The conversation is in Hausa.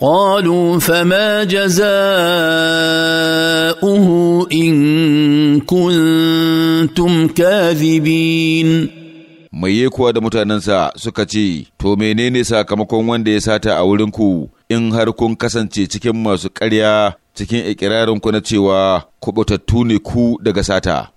قالوا فما جزاؤه إن كنتم كاذبين mai kuwa da mutanensa suka ce, To menene sakamakon wanda ya sata a wurinku in har kun kasance cikin masu ƙarya cikin ikirarinku na cewa kubutattu ne ku daga sata.